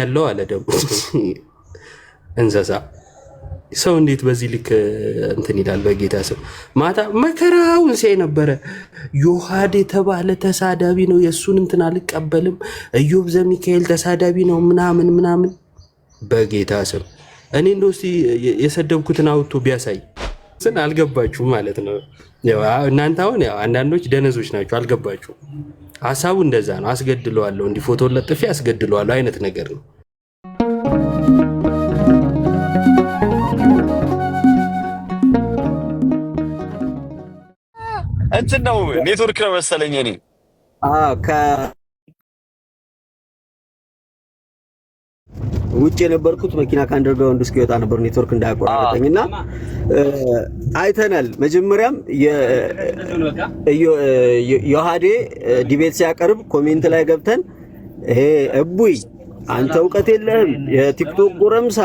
ያለው አለ ደግሞ እንስሳ ሰው እንዴት በዚህ ልክ እንትን ይላል? በጌታ ሰው ማታ መከራውን ሲያይ ነበረ። ዮሐድ የተባለ ተሳዳቢ ነው፣ የእሱን እንትን አልቀበልም። እዮብ ዘሚካኤል ተሳዳቢ ነው ምናምን ምናምን። በጌታ ስም እኔ እንደው እስኪ የሰደብኩትን አውቶ ቢያሳይ ስን ማለት ነው። እናንተ አሁን አንዳንዶች ደነዞች ናቸው፣ አልገባችሁም ሀሳቡ እንደዛ ነው። አስገድለዋለሁ፣ እንዲህ ፎቶ ለጥፊ አስገድለዋለሁ አይነት ነገር ነው። እንትን ነው ኔትወርክ ነው መሰለኝ እኔ ውጭ የነበርኩት መኪና ከአንደርግራውንድ እስኪወጣ ነበር ኔትወርክ እንዳያቆራረጠኝ እና አይተናል። መጀመሪያም ዮሐዴ ዲቤት ሲያቀርብ ኮሜንት ላይ ገብተን ይሄ እቡይ አንተ እውቀት የለህም የቲክቶክ ጎረምሳ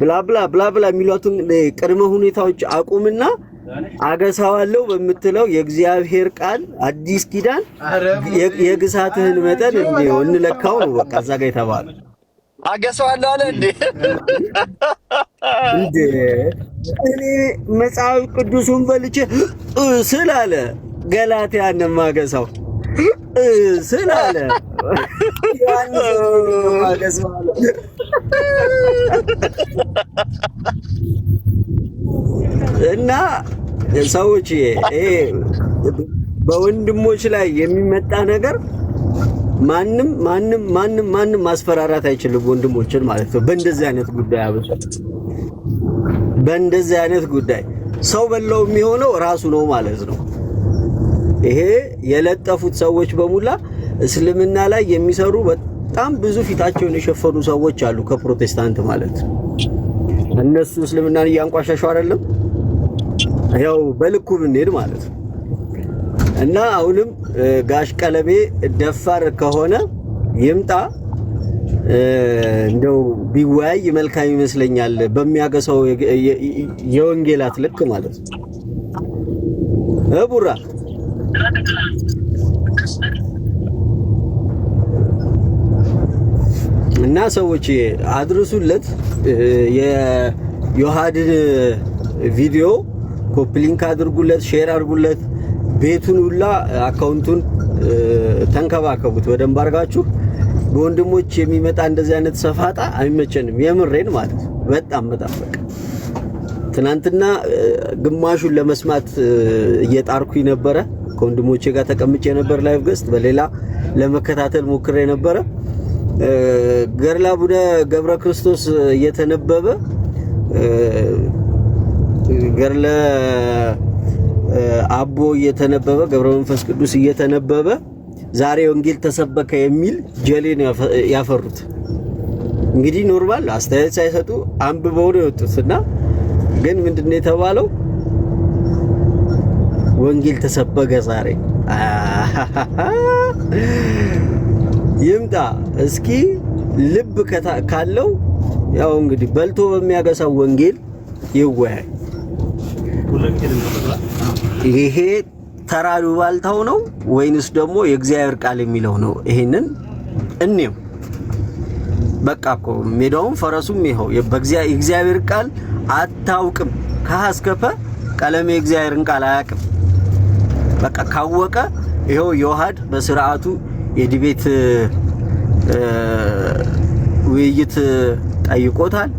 ብላብላ ብላብላ የሚሏትን ቅድመ ሁኔታዎች አቁምና አገሳዋለሁ በምትለው የእግዚአብሔር ቃል አዲስ ኪዳን የግሳትህን መጠን እንለካው ነው። በቃ እዛ ጋ የተባለ አገሰዋለሁ አለ እንዴ? እኔ መጽሐፍ ቅዱሱን በልቼ ስል አለ ገላትያን ማገሳው ስል አለ እና ሰዎች በወንድሞች ላይ የሚመጣ ነገር ማንም ማንም ማንም ማንም ማስፈራራት አይችልም ወንድሞችን ማለት ነው። በእንደዚህ አይነት ጉዳይ አብሶ በእንደዚህ አይነት ጉዳይ ሰው በላው የሚሆነው ራሱ ነው ማለት ነው። ይሄ የለጠፉት ሰዎች በሙላ እስልምና ላይ የሚሰሩ በጣም ብዙ ፊታቸውን የሸፈኑ ሰዎች አሉ፣ ከፕሮቴስታንት ማለት ነው። እነሱ እስልምናን እያንቋሻሹ አይደለም፣ ያው በልኩ ብንሄድ ማለት ነው። እና አሁንም ጋሽ ቀለሜ ደፋር ከሆነ ይምጣ እንደው ቢወያይ መልካም ይመስለኛል። በሚያገሰው የወንጌላት ልክ ማለት ነው። እና ሰዎች አድርሱለት። የዮሐድን ቪዲዮ ኮፕሊንክ አድርጉለት፣ ሼር አድርጉለት። ቤቱን ሁላ አካውንቱን ተንከባከቡት በደንብ አድርጋችሁ። በወንድሞች የሚመጣ እንደዚህ አይነት ሰፋጣ አይመቸንም፣ የምሬን ማለት በጣም በጣም በቃ ትናንትና ግማሹን ለመስማት እየጣርኩኝ ነበረ። ከወንድሞቼ ጋር ተቀምጬ ነበር ላይቭ ገስት በሌላ ለመከታተል ሞክሬ ነበረ። ገድላ ቡነ ገብረ ክርስቶስ እየተነበበ ገድለ አቦ እየተነበበ ገብረ መንፈስ ቅዱስ እየተነበበ ዛሬ ወንጌል ተሰበከ የሚል ጀሌን ያፈሩት። እንግዲህ ኖርማል አስተያየት ሳይሰጡ አንብበው ነው የወጡት እና ግን ነው የተባለው? ወንጌል ተሰበከ ዛሬ። ይምጣ እስኪ ልብ ካለው ያው እንግዲህ በልቶ በሚያገሳው ወንጌል ይወያይ። ይሄ ተራ ሉባልታው ነው ወይንስ ደግሞ የእግዚአብሔር ቃል የሚለው ነው? ይሄንን እንየው። በቃ እኮ ሜዳውም ፈረሱም ይኸው የእግዚአብሔር ቃል አታውቅም። ካስከፈ ቀለም የእግዚአብሔርን ቃል አያውቅም። በቃ ካወቀ ይኸው የውሃድ በስርዓቱ የዲቤት ውይይት ጠይቆታል።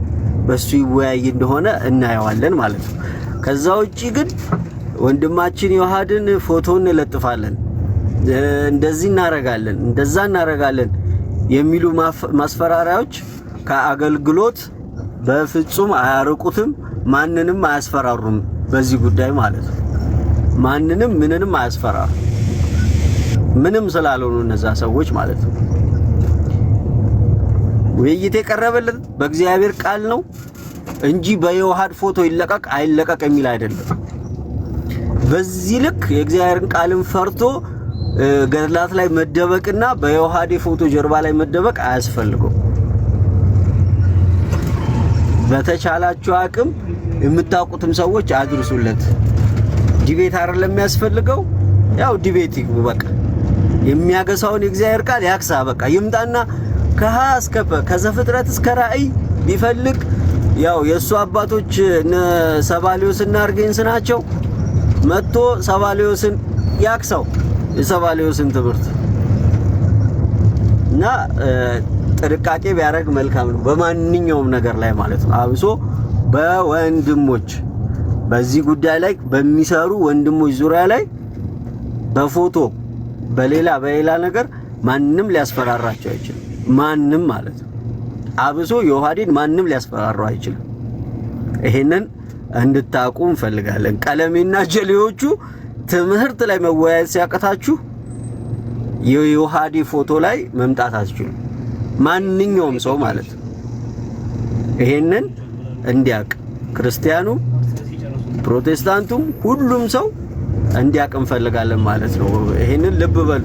በሱ ይወያይ እንደሆነ እናየዋለን ማለት ነው። ከዛ ውጪ ግን ወንድማችን ዮሐድን ፎቶ እንለጥፋለን፣ እንደዚህ እናረጋለን፣ እንደዛ እናረጋለን የሚሉ ማስፈራሪያዎች ከአገልግሎት በፍጹም አያርቁትም። ማንንም አያስፈራሩም። በዚህ ጉዳይ ማለት ነው። ማንንም ምንንም አያስፈራሩ ምንም ስላልሆኑ እነዛ ሰዎች ማለት ነው። ውይይት የቀረበልን በእግዚአብሔር ቃል ነው። እንጂ በየውሃድ ፎቶ ይለቀቅ አይለቀቅ የሚል አይደለም። በዚህ ልክ የእግዚአብሔርን ቃልን ፈርቶ ገድላት ላይ መደበቅና በየውሃዴ ፎቶ ጀርባ ላይ መደበቅ አያስፈልገው። በተቻላችሁ አቅም የምታውቁትም ሰዎች አድርሱለት። ዲቤት አይደለም የሚያስፈልገው፣ ያው ዲቤት በቃ የሚያገሳውን የእግዚአብሔር ቃል ያክሳ። በቃ ይምጣና ከሀ እስከ ፐ ከዘፍጥረት እስከ ራእይ ቢፈልግ ያው የእሱ አባቶች ሰባሊዮስና አርጌንስ ናቸው። መጥቶ ሰባሊዮስን ያክሰው የሰባሊዮስን ትምህርት እና ጥንቃቄ ቢያደርግ መልካም ነው፣ በማንኛውም ነገር ላይ ማለት ነው። አብሶ በወንድሞች በዚህ ጉዳይ ላይ በሚሰሩ ወንድሞች ዙሪያ ላይ በፎቶ በሌላ በሌላ ነገር ማንም ሊያስፈራራቸው አይችልም። ማንም ማለት ነው። አብሶ የውሃዴን ማንም ሊያስፈራራው አይችልም። ይሄንን እንድታቁ እንፈልጋለን። ቀለሜና ጀሌዎቹ ትምህርት ላይ መወያየት ሲያቀታችሁ የዮሐዴ ፎቶ ላይ መምጣት አትችሉ። ማንኛውም ሰው ማለት ነው። ይሄንን እንዲያቅ ክርስቲያኑ ፣ ፕሮቴስታንቱም ሁሉም ሰው እንዲያቅ እንፈልጋለን ማለት ነው። ይሄንን ልብ በሉ።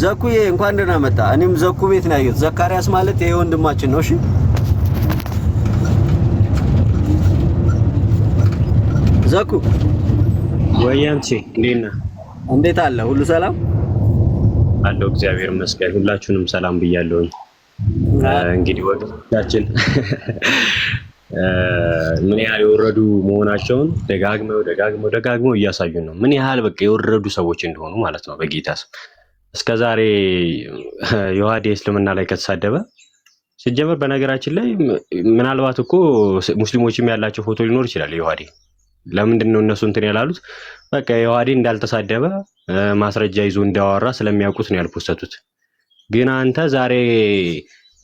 ዘኩዬ እንኳን ደህና መጣ። እኔም ዘኩ ቤት ነው ያየሁት። ዘካሪያስ ማለት ይሄ ወንድማችን ነው። እሺ ዘኩ ወያንቺ እንዴት ነህ? እንዴት አለ? ሁሉ ሰላም አለው። እግዚአብሔር ይመስገን። ሁላችሁንም ሰላም ብያለሁኝ። እንግዲህ ወገኖቻችን ምን ያህል የወረዱ መሆናቸውን ደጋግመው ደጋግመው ደጋግመው እያሳዩን ነው። ምን ያህል በቃ የወረዱ ሰዎች እንደሆኑ ማለት ነው በጌታ ስም እስከ ዛሬ የዋዴ እስልምና ላይ ከተሳደበ ሲጀመር በነገራችን ላይ ምናልባት እኮ ሙስሊሞችም ያላቸው ፎቶ ሊኖር ይችላል። የዋዴ ለምንድን ነው እነሱ እንትን ያላሉት? በቃ የዋዴ እንዳልተሳደበ ማስረጃ ይዞ እንዳወራ ስለሚያውቁት ነው ያልፖሰቱት። ግን አንተ ዛሬ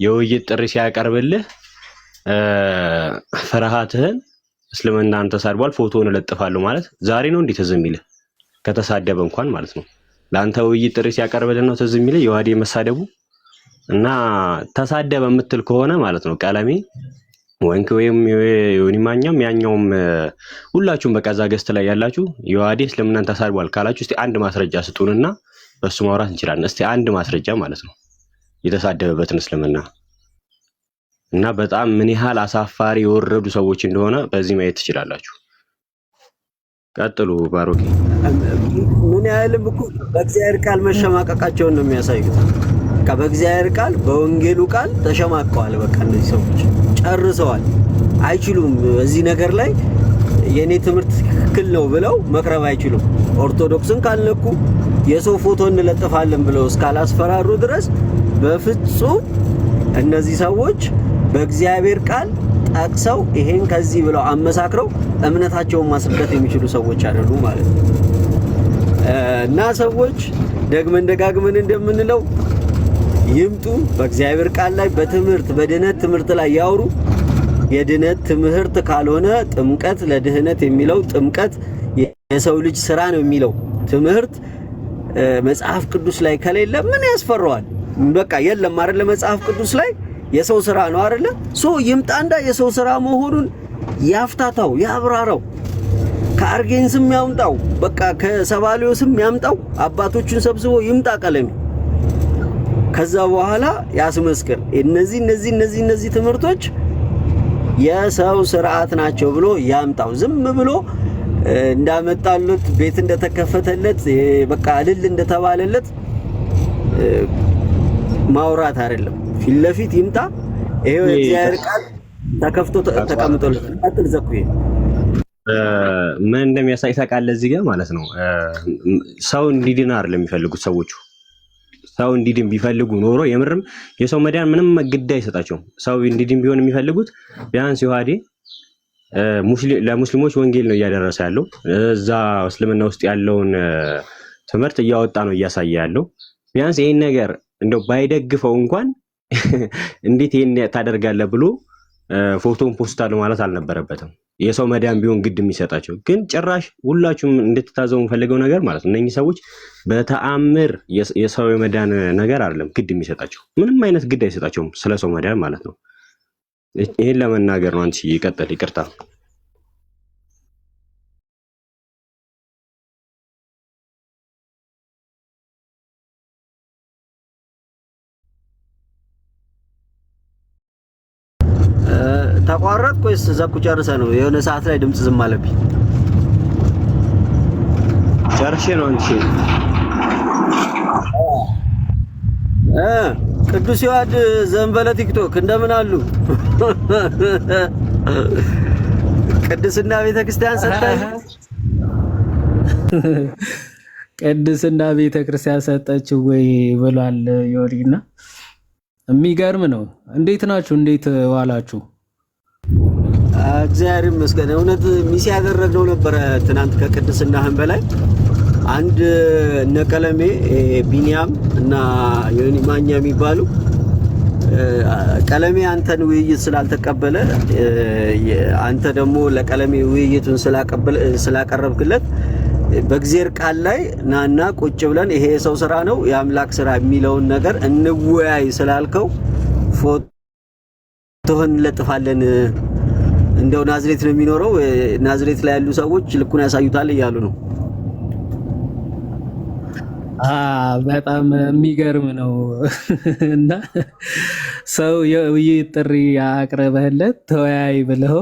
የውይይት ጥሪ ሲያቀርብልህ ፍርሃትህን እስልምናን ተሳድቧል ፎቶውን እለጥፋለሁ ማለት ዛሬ ነው እንዴት ዝም ከተሳደበ እንኳን ማለት ነው። ለአንተ ውይይት ጥሪ ሲያቀርብልን ነው ትዝ የሚለኝ የዋዴ መሳደቡ እና ተሳደበ የምትል ከሆነ ማለት ነው ቀለሜ ወንክ ወይም ዮኒ ማኛም ያኛውም ሁላችሁም በቃ ገስት ላይ ያላችሁ የዋዴ እስልምናን ተሳድቧል ካላችሁ እስቲ አንድ ማስረጃ ስጡንና በሱ ማውራት እንችላለን። እስቲ አንድ ማስረጃ ማለት ነው የተሳደበበትን እስልምና እና በጣም ምን ያህል አሳፋሪ የወረዱ ሰዎች እንደሆነ በዚህ ማየት ትችላላችሁ። ቀጥሉ ባሮኪ። ምን ያህልም እኮ በእግዚአብሔር ቃል መሸማቀቃቸውን ነው የሚያሳዩት። በእግዚአብሔር ቃል በወንጌሉ ቃል ተሸማቀዋል። በቃ እነዚህ ሰዎች ጨርሰዋል፣ አይችሉም። እዚህ ነገር ላይ የእኔ ትምህርት ትክክል ነው ብለው መቅረብ አይችሉም። ኦርቶዶክስን ካልነኩ የሰው ፎቶ እንለጥፋለን ብለው እስካላስፈራሩ ድረስ በፍጹም እነዚህ ሰዎች በእግዚአብሔር ቃል ጠቅሰው ይሄን ከዚህ ብለው አመሳክረው እምነታቸውን ማስረዳት የሚችሉ ሰዎች አይደሉ ማለት ነው። እና ሰዎች ደግመን ደጋግመን እንደምንለው ይምጡ፣ በእግዚአብሔር ቃል ላይ በትምህርት በድህነት ትምህርት ላይ ያውሩ። የድህነት ትምህርት ካልሆነ ጥምቀት ለድህነት የሚለው ጥምቀት የሰው ልጅ ስራ ነው የሚለው ትምህርት መጽሐፍ ቅዱስ ላይ ከሌለ ምን ያስፈራዋል? በቃ የለም አይደለ መጽሐፍ ቅዱስ ላይ የሰው ስራ ነው አይደለ? ሶ ይምጣንዳ የሰው ስራ መሆኑን ያፍታታው፣ ያብራራው፣ ከአርጌንስም ያምጣው፣ በቃ ከሰባሊዮስም ያምጣው፣ አባቶቹን ሰብስቦ ይምጣ ቀለሜ። ከዛ በኋላ ያስመስክር። እነዚህ እነዚህ እነዚህ እነዚህ ትምህርቶች የሰው ስርዓት ናቸው ብሎ ያምጣው። ዝም ብሎ እንዳመጣሉት ቤት እንደተከፈተለት በቃ እልል እንደተባለለት ማውራት አይደለም። ፊት ለፊት ይምጣ። ይሄው የእግዚአብሔር ቃል ተከፍቶ ተቀምጦለት ቀጥል ዘኩዬ ምን እንደሚያሳይ ታውቃለህ? እዚህ ጋር ማለት ነው ሰው እንዲድን አይደለም የሚፈልጉት ሰዎቹ። ሰው እንዲድን ቢፈልጉ ኖሮ የምርም የሰው መዳን ምንም ግድ አይሰጣቸውም። ሰው እንዲድን ቢሆን የሚፈልጉት ቢያንስ ዮሐዴ ለሙስሊሞች ወንጌል ነው እያደረሰ ያለው። እዛ እስልምና ውስጥ ያለውን ትምህርት እያወጣ ነው እያሳየ ያለው። ቢያንስ ይህን ነገር እንደው ባይደግፈው እንኳን እንዴት ይህን ታደርጋለህ ብሎ ፎቶን ፖስታል ማለት አልነበረበትም። የሰው መዳን ቢሆን ግድ የሚሰጣቸው ግን ጭራሽ ሁላችሁም እንድትታዘቡ የምፈልገው ነገር ማለት ነው እነኚህ ሰዎች በተአምር የሰው የመዳን ነገር አይደለም ግድ የሚሰጣቸው ምንም አይነት ግድ አይሰጣቸውም፣ ስለ ሰው መዳን ማለት ነው። ይህን ለመናገር ነው። አንቺ ይቀጥል፣ ይቅርታ ወይስ እዛ እኮ ጨርሰህ ነው? የሆነ ሰዓት ላይ ድምፅ ዝም አለብኝ። ጨርሼ ነው እንጂ እ ቅዱስ ይዋድ ዘንበለ ቲክቶክ እንደምን አሉ? ቅድስና ቤተክርስቲያን ሰጠኝ። ቅድስና ቤተክርስቲያን ሰጠች ወይ ብሏል ዮሪና። የሚገርም ነው። እንዴት ናችሁ? እንዴት ዋላችሁ? እግዚአብሔር ይመስገን። እውነት ሚስ ያደረግነው ነበረ። ትናንት ከቅድስናህን በላይ አንድ ነቀለሜ ቢኒያም እና የሆኒ ማኛ የሚባሉ ቀለሜ አንተን ውይይት ስላልተቀበለ አንተ ደግሞ ለቀለሜ ውይይቱን ስላቀረብክለት በእግዜር ቃል ላይ ናና ቁጭ ብለን ይሄ የሰው ስራ ነው የአምላክ ስራ የሚለውን ነገር እንወያይ ስላልከው ፎቶህን ለጥፋለን እንደው ናዝሬት ነው የሚኖረው ናዝሬት ላይ ያሉ ሰዎች ልኩን ያሳዩታል እያሉ ነው። በጣም የሚገርም ነው። እና ሰው የውይይት ጥሪ አቅርበህለት ተወያይ ብለው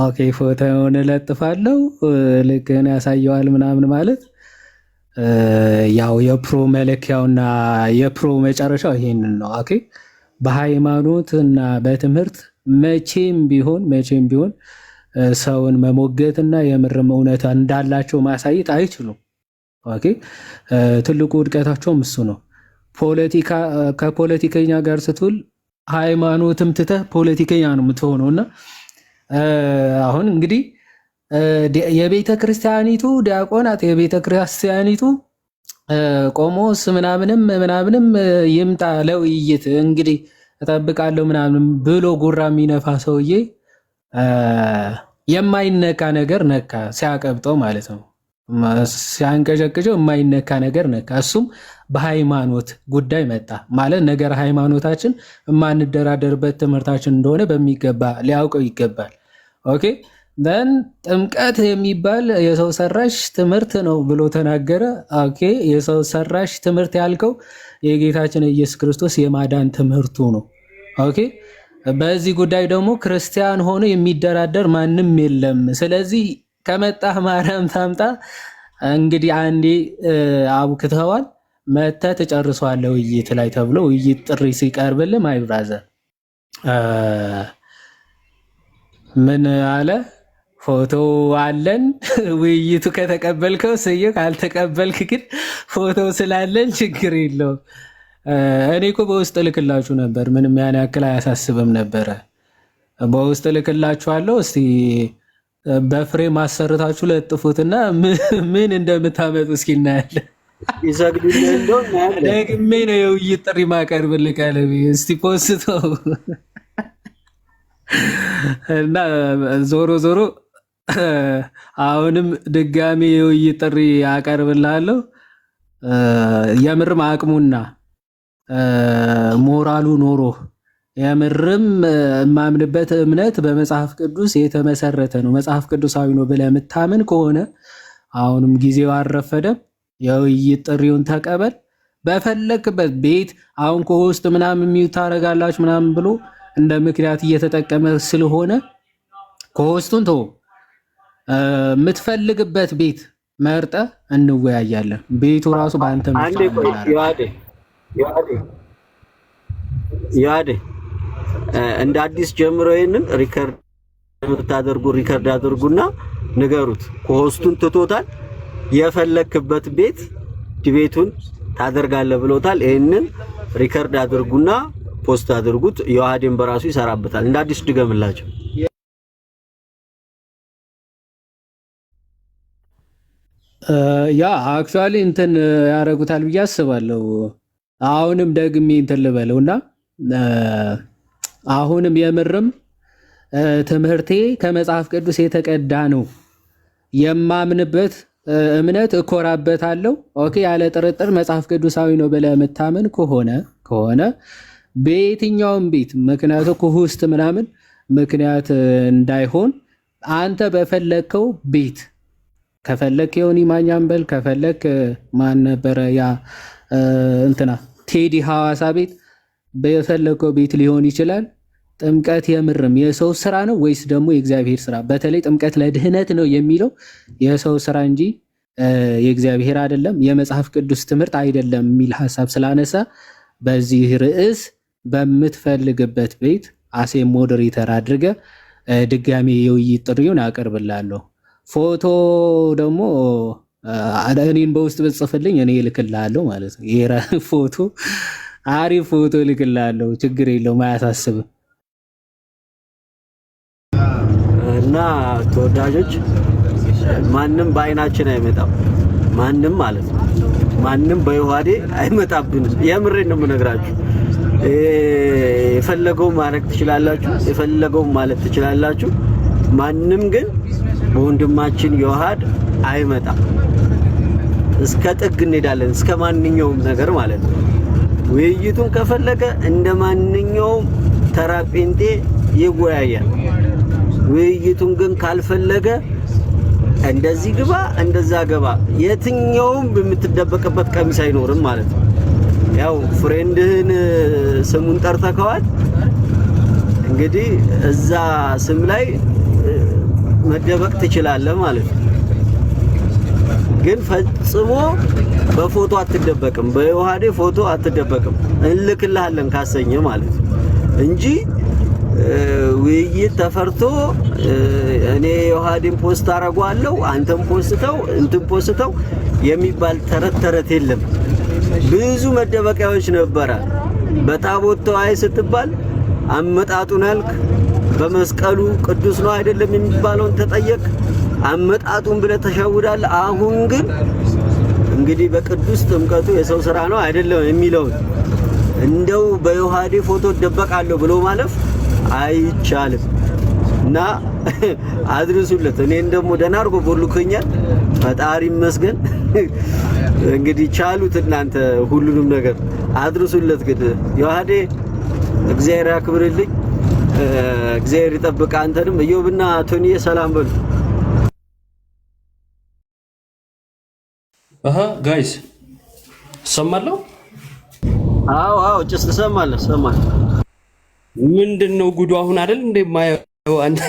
ኦኬ ፎቶውን እለጥፋለሁ ልክህን ያሳየዋል ምናምን ማለት ያው የፕሮ መለኪያውና የፕሮ መጨረሻው ይሄንን ነው። ኦኬ በሃይማኖት እና በትምህርት መቼም ቢሆን መቼም ቢሆን ሰውን መሞገትና የምርም እውነት እንዳላቸው ማሳየት አይችሉም። ኦኬ ትልቁ ውድቀታቸውም እሱ ነው። ፖለቲካ ከፖለቲከኛ ጋር ስትውል ሃይማኖትም ትተህ ፖለቲከኛ ነው የምትሆነው። እና አሁን እንግዲህ የቤተ ክርስቲያኒቱ ዲያቆናት የቤተ ክርስቲያኒቱ ቆሞስ ምናምንም ምናምንም ይምጣ ለውይይት እንግዲህ እጠብቃለሁ ምናምን ብሎ ጉራ የሚነፋ ሰውዬ የማይነካ ነገር ነካ፣ ሲያቀብጠው ማለት ነው። ሲያንቀጨቅጨው የማይነካ ነገር ነካ። እሱም በሃይማኖት ጉዳይ መጣ ማለት ነገር ሃይማኖታችን የማንደራደርበት ትምህርታችን እንደሆነ በሚገባ ሊያውቀው ይገባል። ኦኬ ን ጥምቀት የሚባል የሰው ሰራሽ ትምህርት ነው ብሎ ተናገረ። ኦኬ የሰው ሰራሽ ትምህርት ያልከው የጌታችን ኢየሱስ ክርስቶስ የማዳን ትምህርቱ ነው። ኦኬ። በዚህ ጉዳይ ደግሞ ክርስቲያን ሆኖ የሚደራደር ማንም የለም። ስለዚህ ከመጣ ማርያም ታምጣ። እንግዲህ አንዴ አቡክተዋል መተ ተጨርሷለህ ውይይት ላይ ተብሎ ውይይት ጥሪ ሲቀርብልም አይብራዘ ምን አለ? ፎቶ አለን። ውይይቱ ከተቀበልከው ስዩ፣ ካልተቀበልክ ግን ፎቶ ስላለን ችግር የለውም። እኔ እኮ በውስጥ ልክላችሁ ነበር፣ ምንም ያን ያክል አያሳስብም ነበረ። በውስጥ ልክላችኋለሁ። እስቲ በፍሬ አሰርታችሁ ለጥፉትና ምን እንደምታመጡ እስኪ እናያለን። ደግሜ ነው የውይይት ጥሪ ማቀርብልህ አለብኝ። እስቲ ፖስቶ እና ዞሮ ዞሮ አሁንም ድጋሚ የውይይት ጥሪ አቀርብልሃለሁ። የምርም አቅሙና ሞራሉ ኖሮ የምርም የማምንበት እምነት በመጽሐፍ ቅዱስ የተመሰረተ ነው፣ መጽሐፍ ቅዱሳዊ ነው ብለህ የምታምን ከሆነ አሁንም ጊዜው አልረፈደም። የውይይት ጥሪውን ተቀበል። በፈለክበት ቤት አሁን ከውስጥ ምናምን የሚውት ታደርጋላችሁ ምናምን ብሎ እንደ ምክንያት እየተጠቀመ ስለሆነ ከውስጡን ተወው። የምትፈልግበት ቤት መርጠ እንወያያለን። ቤቱ ራሱ በአንተ ያደ እንደ አዲስ ጀምሮ ይህንን ሪከርድ የምታደርጉ ሪከርድ አድርጉና ንገሩት። ከሆስቱን ትቶታል። የፈለክበት ቤት ድቤቱን ታደርጋለ ብሎታል። ይህንን ሪከርድ አድርጉና ፖስት አድርጉት። የዋህዴን በራሱ ይሰራበታል። እንደ አዲስ ድገምላቸው። ያ አክቹዋሊ እንትን ያደርጉታል ብዬ አስባለሁ። አሁንም ደግሜ እንትን ልበለው እና አሁንም የምርም ትምህርቴ ከመጽሐፍ ቅዱስ የተቀዳ ነው። የማምንበት እምነት እኮራበታለሁ። ኦኬ፣ ያለ ጥርጥር መጽሐፍ ቅዱሳዊ ነው ብለህ የምታምን ከሆነ ከሆነ በየትኛውም ቤት ምክንያቱ ውስጥ ምናምን ምክንያት እንዳይሆን አንተ በፈለግከው ቤት ከፈለክ የሆኒ ማኛን በል ከፈለክ ማን ነበረ ያ እንትና ቴዲ ሐዋሳ ቤት በፈለገው ቤት ሊሆን ይችላል። ጥምቀት የምርም የሰው ስራ ነው ወይስ ደግሞ የእግዚአብሔር ስራ? በተለይ ጥምቀት ለድህነት ነው የሚለው የሰው ስራ እንጂ የእግዚአብሔር አይደለም፣ የመጽሐፍ ቅዱስ ትምህርት አይደለም የሚል ሀሳብ ስላነሳ በዚህ ርዕስ በምትፈልግበት ቤት አሴ ሞዴሬተር አድርገ ድጋሜ የውይይት ጥሪውን አቀርብላለሁ። ፎቶ ደግሞ እኔን በውስጥ ብጽፍልኝ እኔ እልክልሃለሁ ማለት ነው። ይሄ ፎቶ አሪፍ ፎቶ እልክልሃለሁ፣ ችግር የለውም አያሳስብም። እና ተወዳጆች ማንም በአይናችን አይመጣም፣ ማንም ማለት ነው ማንም በዮሐዴ አይመጣብንም። የምሬን ነው የምነግራችሁ። የፈለገውን ማድረግ ትችላላችሁ፣ የፈለገውን ማለት ትችላላችሁ። ማንም ግን በወንድማችን ዮሐድ አይመጣም። እስከ ጥግ እንሄዳለን፣ እስከ ማንኛውም ነገር ማለት ነው። ውይይቱን ከፈለገ እንደ ማንኛውም ተራ ጴንጤ ይወያያል። ውይይቱን ግን ካልፈለገ እንደዚህ ግባ፣ እንደዛ ገባ፣ የትኛውም የምትደበቅበት ቀሚስ አይኖርም ማለት ነው። ያው ፍሬንድህን ስሙን ጠርተከዋል እንግዲህ እዛ ስም ላይ መደበቅ ትችላለህ ማለት ነው። ግን ፈጽሞ በፎቶ አትደበቅም፣ በዮሐዴ ፎቶ አትደበቅም። እንልክልሃለን ካሰኘ ማለት ነው እንጂ ውይይት ተፈርቶ እኔ ዮሐዴን ፖስት አረጓለሁ አንተም ፖስተው እንትን ፖስተው የሚባል ተረት ተረት የለም። ብዙ መደበቂያዎች ነበረ። በጣቦት ተዋይ ስትባል አመጣጡን አልክ። በመስቀሉ ቅዱስ ነው አይደለም የሚባለውን ተጠየቅ፣ አመጣጡን ብለ ተሸውዳል። አሁን ግን እንግዲህ በቅዱስ ጥምቀቱ የሰው ስራ ነው አይደለም የሚለውን እንደው በዮሐዴ ፎቶ እደበቃለሁ ብሎ ማለፍ አይቻልም እና አድርሱለት። እኔን ደግሞ ደህና አድርጎ ቦልኮኛል። ፈጣሪ ይመስገን። እንግዲህ ቻሉት እናንተ ሁሉንም ነገር አድርሱለት። ግን ዮሐዴ እግዚአብሔር ያክብርልኝ። እግዚአብሔር ይጠብቅ። አንተንም እዮብና ቶኒዬ ሰላም በሉ። አሀ ጋይስ ሰማለሁ። አዎ አዎ፣ ጭስ ትሰማለህ? እሰማለሁ። ምንድን ነው ጉዱ? አሁን አይደል እንደ ማየው አንተ።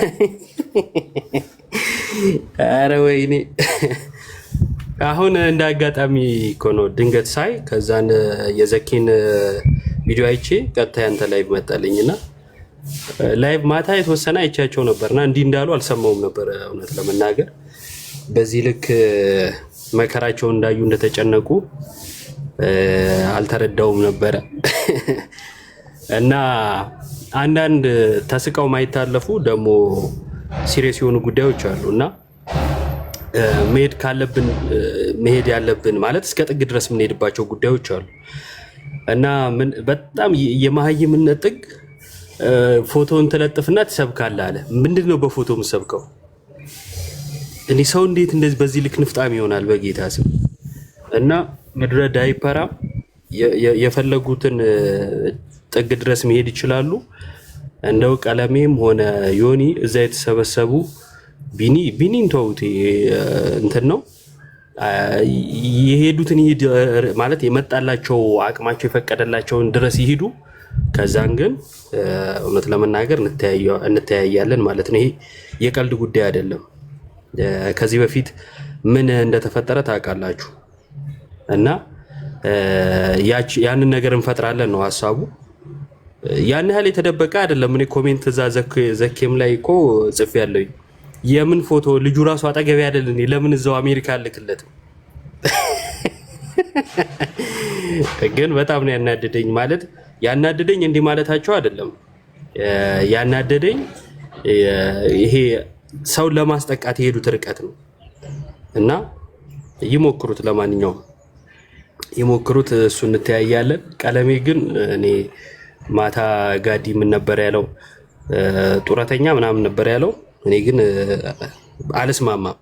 አረ ወይኔ! አሁን እንደ አጋጣሚ እኮ ነው ድንገት ሳይ፣ ከዛን የዘኪን ቪዲዮ አይቼ ቀጥታ ያንተ ላይ መጣልኝና ላይቭ ማታ የተወሰነ አይቻቸው ነበር እና እንዲህ እንዳሉ አልሰማውም ነበር። እውነት ለመናገር በዚህ ልክ መከራቸውን እንዳዩ እንደተጨነቁ አልተረዳውም ነበረ እና አንዳንድ ተስቀው ማይታለፉ ደግሞ ሲሪየስ የሆኑ ጉዳዮች አሉ እና መሄድ ካለብን መሄድ ያለብን ማለት እስከ ጥግ ድረስ የምንሄድባቸው ጉዳዮች አሉ እና በጣም የመሀይምነት ጥግ ፎቶን ተለጥፍና ትሰብካለህ አለ። ምንድን ነው በፎቶ የምሰብከው? እኔ ሰው እንዴት እንደዚህ በዚህ ልክ ንፍጣም ይሆናል? በጌታ ስም እና ምድረ ዳይፐራ የፈለጉትን ጥግ ድረስ መሄድ ይችላሉ። እንደው ቀለሜም ሆነ ዮኒ እዛ የተሰበሰቡ ቢኒ ቢኒን ተውት፣ እንትን ነው የሄዱትን ይሄድ ማለት የመጣላቸው አቅማቸው የፈቀደላቸውን ድረስ ይሄዱ። ከዛን ግን እውነት ለመናገር እንተያያለን ማለት ነው። ይሄ የቀልድ ጉዳይ አይደለም። ከዚህ በፊት ምን እንደተፈጠረ ታውቃላችሁ። እና ያንን ነገር እንፈጥራለን ነው ሀሳቡ። ያን ያህል የተደበቀ አይደለም። እኔ ኮሜንት እዛ ዘኬም ላይ እኮ ጽፌያለሁ። የምን ፎቶ ልጁ ራሱ አጠገቢ አይደል? እኔ ለምን እዛው አሜሪካ አልክለትም? ግን በጣም ነው ያናደደኝ ማለት ያናደደኝ እንዲህ ማለታቸው አይደለም። ያናደደኝ ይሄ ሰውን ለማስጠቃት የሄዱት ርቀት ነው እና ይሞክሩት፣ ለማንኛውም ይሞክሩት። እሱ እንተያያለን። ቀለሜ ግን እኔ ማታ ጋዲ ምን ነበር ያለው? ጡረተኛ ምናምን ነበር ያለው። እኔ ግን አልስማማም።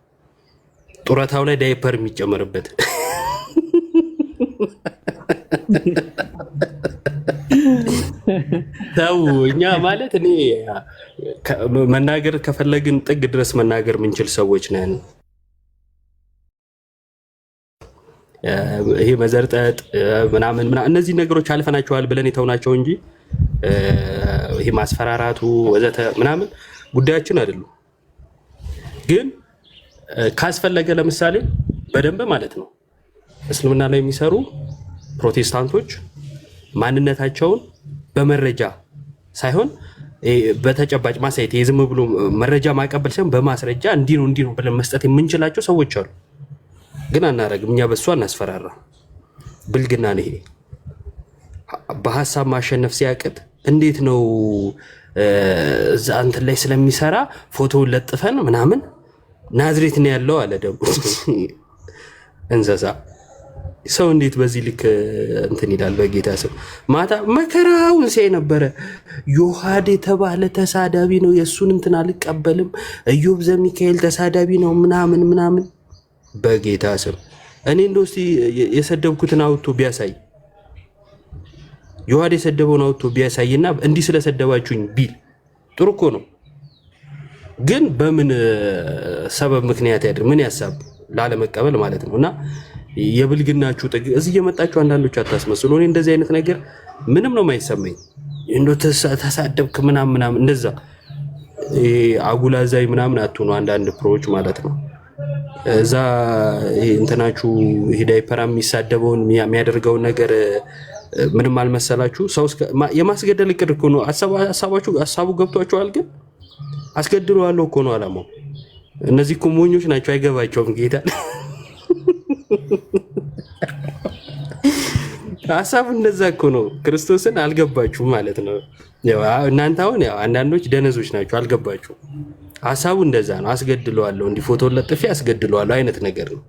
ጡረታው ላይ ዳይፐር የሚጨመርበት ተው እኛ ማለት እኔ መናገር ከፈለግን ጥግ ድረስ መናገር የምንችል ሰዎች ነን። ይሄ መዘርጠጥ ምናምን ምና እነዚህ ነገሮች አልፈናቸዋል ብለን የተውናቸው እንጂ ይሄ ማስፈራራቱ ወዘተ ምናምን ጉዳያችን አይደሉም። ግን ካስፈለገ ለምሳሌ በደንብ ማለት ነው እስልምና ላይ የሚሰሩ ፕሮቴስታንቶች ማንነታቸውን በመረጃ ሳይሆን በተጨባጭ ማሳየት የዝም ብሎ መረጃ ማቀበል ሳይሆን በማስረጃ እንዲህ ነው እንዲህ ነው ብለን መስጠት የምንችላቸው ሰዎች አሉ። ግን አናረግም። እኛ በሱ አናስፈራራ። ብልግና ነው ይሄ። በሀሳብ ማሸነፍ ሲያቅት እንዴት ነው አንተን ላይ ስለሚሰራ ፎቶ ለጥፈን ምናምን ናዝሬት ነው ያለው አለ ደግሞ እንስሳ ሰው እንዴት በዚህ ልክ እንትን ይላል? በጌታ ስም ማታ መከራውን ሲያይ ነበረ። ዮሐድ የተባለ ተሳዳቢ ነው፣ የእሱን እንትን አልቀበልም። እዮብ ዘሚካኤል ተሳዳቢ ነው ምናምን ምናምን። በጌታ ስም እኔ እንደ ውስጥ የሰደብኩትን አውጥቶ ቢያሳይ ዮሐድ የሰደበውን አውጥቶ ቢያሳይና እንዲህ ስለሰደባችሁኝ ቢል ጥሩ እኮ ነው። ግን በምን ሰበብ ምክንያት ያድር ምን ያሳብ ላለመቀበል ማለት ነው እና የብልግናችሁ ጥግ እዚህ እየመጣችሁ አንዳንዶች አታስመስሉ። እኔ እንደዚህ አይነት ነገር ምንም ነው የማይሰማኝ። እንዶ ተሳደብክ ምናምን ምናምን እንደዛ አጉላዛይ ምናምን አትሆኑ። አንዳንድ ፕሮዎች ማለት ነው እዛ እንትናችሁ ዳይፐራ የሚሳደበውን የሚያደርገውን ነገር ምንም አልመሰላችሁ። ሰው የማስገደል እቅድ እኮ ነው ሀሳቡ ገብቷችኋል። ግን ያለው እኮ ነው አላማው። እነዚህ እኮ ሞኞች ናቸው፣ አይገባቸውም ጌታ ሀሳቡ እንደዛ እኮ ነው። ክርስቶስን አልገባችሁም ማለት ነው። እናንተ አሁን ያው አንዳንዶች ደነዞች ናቸው፣ አልገባችሁም። ሀሳቡ እንደዛ ነው። አስገድለዋለሁ፣ እንዲህ ፎቶ ለጥፌ አስገድለዋለሁ አይነት ነገር ነው።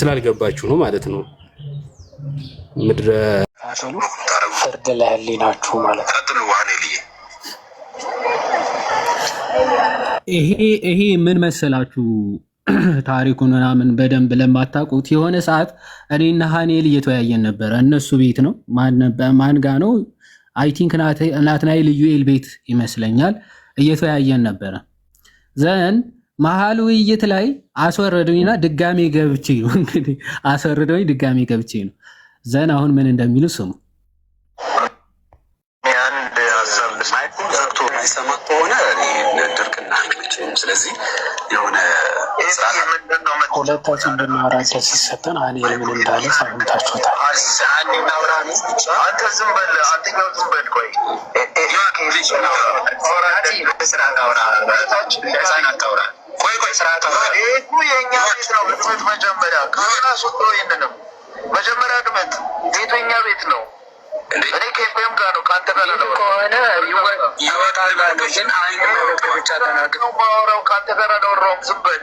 ስላልገባችሁ ነው ማለት ነው። ምድረ ፍርድ ለህሊናችሁ ማለት ነው። ይሄ ምን መሰላችሁ ታሪኩን ምናምን በደንብ ለማታውቁት የሆነ ሰዓት እኔና ሀኔል እየተወያየን ነበረ። እነሱ ቤት ነው ማን ጋ ነው አይ ቲንክ ናትናኤል ዩኤል ቤት ይመስለኛል እየተወያየን ነበረ። ዘን መሀል ውይይት ላይ አስወረዱኝና ድጋሜ ገብቼ ነው እንግዲህ አስወረዱኝ፣ ድጋሜ ገብቼ ነው። ዘን አሁን ምን እንደሚሉ ስሙ። ስለዚህ የሆነ ሁለታችን ብናወራ እድል ሲሰጠን አኔ ምን እንዳለ ሰምታችኋታል። መጀመሪያ ግመት ቤቱ የኛ ቤት ነው። እኔ ጋር ነው ከአንተ ጋር ብቻ ተናግረው ማውራው ከአንተ ጋር ዝም በል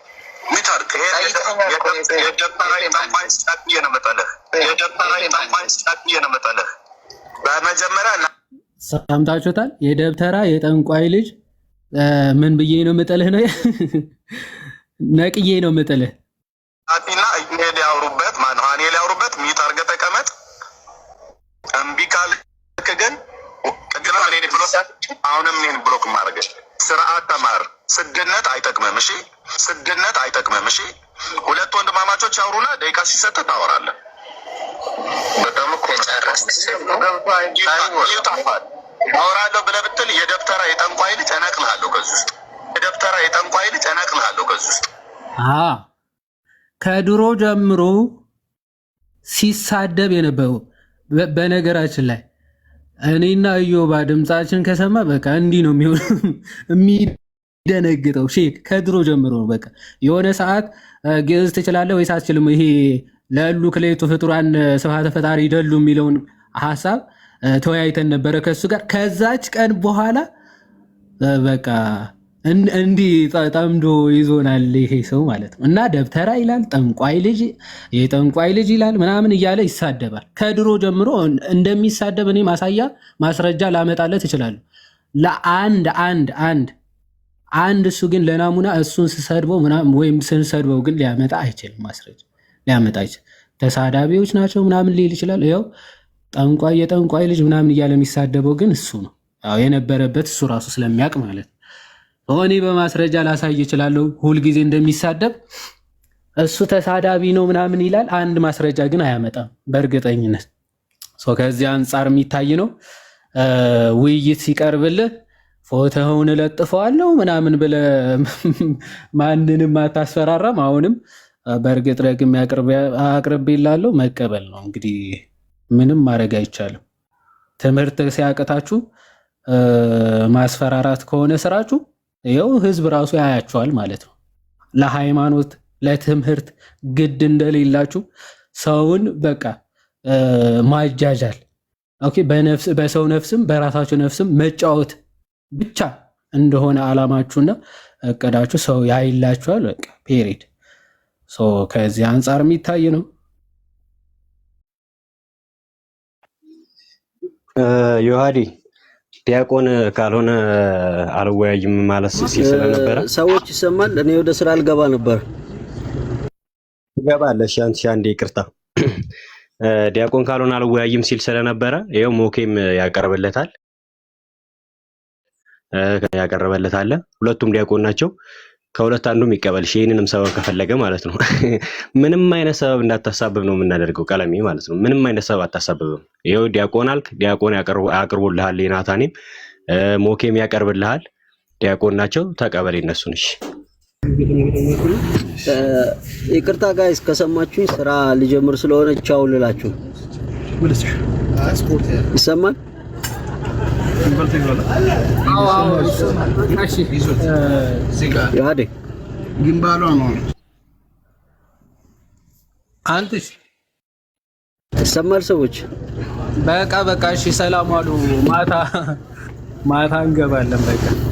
ሚተርክ ሰምታችሁታል። የደብተራ የጠንቋይ ልጅ ምን ብዬ ነው የምጥልህ ነው ነቅዬ ነው የምጥልህ። ና እኔ ሊያውሩበት ማነው እኔ ሊያውሩበት ተቀመጥ። እምቢ ካልክ ግን ቅድም እኔን ብሎክ አሁንም እኔን ብሎክ ማድረግ ስርዓት ተማር። ስድነት አይጠቅምም። እሺ ስግነት አይጠቅምም። እሺ ሁለት ወንድማማቾች አውሩና ደቂቃ ሲሰጥ ታወራለን። አውራለሁ እኮ ብለህ ብትል የደብተራ የጠንቋይ ልጅ እነቅልሃለሁ ከዚህ ውስጥ የደብተራ የጠንቋይ ልጅ እነቅልሃለሁ ከዚህ ውስጥ ከድሮ ጀምሮ ሲሳደብ የነበረው በነገራችን ላይ እኔና እዮባ ድምፃችን ከሰማ በቃ እንዲህ ነው የሚሆነው። ደነግጠው ሼክ ከድሮ ጀምሮ በቃ የሆነ ሰዓት ግዕዝ ትችላለህ ወይስ አትችልም? ይሄ ለሉ ክሌቱ ፍጡራን ስብሐተ ፈጣሪ ይደሉ የሚለውን ሀሳብ ተወያይተን ነበረ ከሱ ጋር። ከዛች ቀን በኋላ በቃ እንዲህ ጠምዶ ይዞናል ይሄ ሰው ማለት ነው። እና ደብተራ ይላል ጠንቋይ ልጅ የጠንቋይ ልጅ ይላል ምናምን እያለ ይሳደባል። ከድሮ ጀምሮ እንደሚሳደብ እኔ ማሳያ ማስረጃ ላመጣለት እችላለሁ። ለአንድ አንድ አንድ አንድ እሱ ግን ለናሙና እሱን ስሰድበው ወይም ስንሰድበው ግን ሊያመጣ አይችልም፣ ማስረጃ ሊያመጣ አይችልም። ተሳዳቢዎች ናቸው ምናምን ሊል ይችላል። ያው ጠንቋይ፣ የጠንቋይ ልጅ ምናምን እያለ የሚሳደበው ግን እሱ ነው። ያው የነበረበት እሱ ራሱ ስለሚያውቅ ማለት ነው። እኔ በማስረጃ ላሳይ ይችላለሁ፣ ሁልጊዜ እንደሚሳደብ እሱ ተሳዳቢ ነው ምናምን ይላል። አንድ ማስረጃ ግን አያመጣም በእርግጠኝነት። ከዚህ አንጻር የሚታይ ነው ውይይት ሲቀርብልህ ፎቶውን እለጥፈዋለሁ ምናምን ብለ ማንንም አታስፈራራም። አሁንም በእርግጥ ደግሜ አቅርቤላለሁ፣ መቀበል ነው እንግዲህ ምንም ማድረግ አይቻልም። ትምህርት ሲያቅታችሁ ማስፈራራት ከሆነ ስራችሁ ይኸው ህዝብ ራሱ ያያችኋል ማለት ነው። ለሃይማኖት ለትምህርት ግድ እንደሌላችሁ ሰውን በቃ ማጃጃል፣ በሰው ነፍስም በራሳችሁ ነፍስም መጫወት ብቻ እንደሆነ አላማችሁና እቅዳችሁ ሰው ያይላችኋል። በቃ ፔሪድ። ከዚህ አንጻር የሚታይ ነው። ዮሐዲ ዲያቆን ካልሆነ አልወያይም ማለት ሲል ስለነበረ ሰዎች ይሰማል። እኔ ወደ ስራ አልገባ ነበር። ትገባለሽ። አንቺ አንዴ ይቅርታ። ዲያቆን ካልሆነ አልወያይም ሲል ስለነበረ ይኸው ሞኬም ያቀርብለታል ያቀረበለት አለ። ሁለቱም ዲያቆን ናቸው። ከሁለት አንዱ ይቀበል። ይህንንም ሰበብ ከፈለገ ማለት ነው። ምንም አይነት ሰበብ እንዳታሳብብ ነው የምናደርገው። ቀለሚ ማለት ነው። ምንም አይነት ሰበብ አታሳብብም። ይኸው ዲያቆን አልክ፣ ዲያቆን ያቅርቡልሃል። ናታኔም ሞኬም ያቀርብልሃል። ዲያቆን ናቸው። ተቀበል እነሱን። እሺ ይቅርታ ጋይስ፣ ከሰማችሁኝ ስራ ልጀምር ስለሆነ ቻው ልላችሁ ይሰማል። ግንባሏ ነው። አንተሽ ይሰማል። ሰዎች በቃ በቃ እሺ፣ ሰላም አሉ። ማታ ማታ እንገባለን በቃ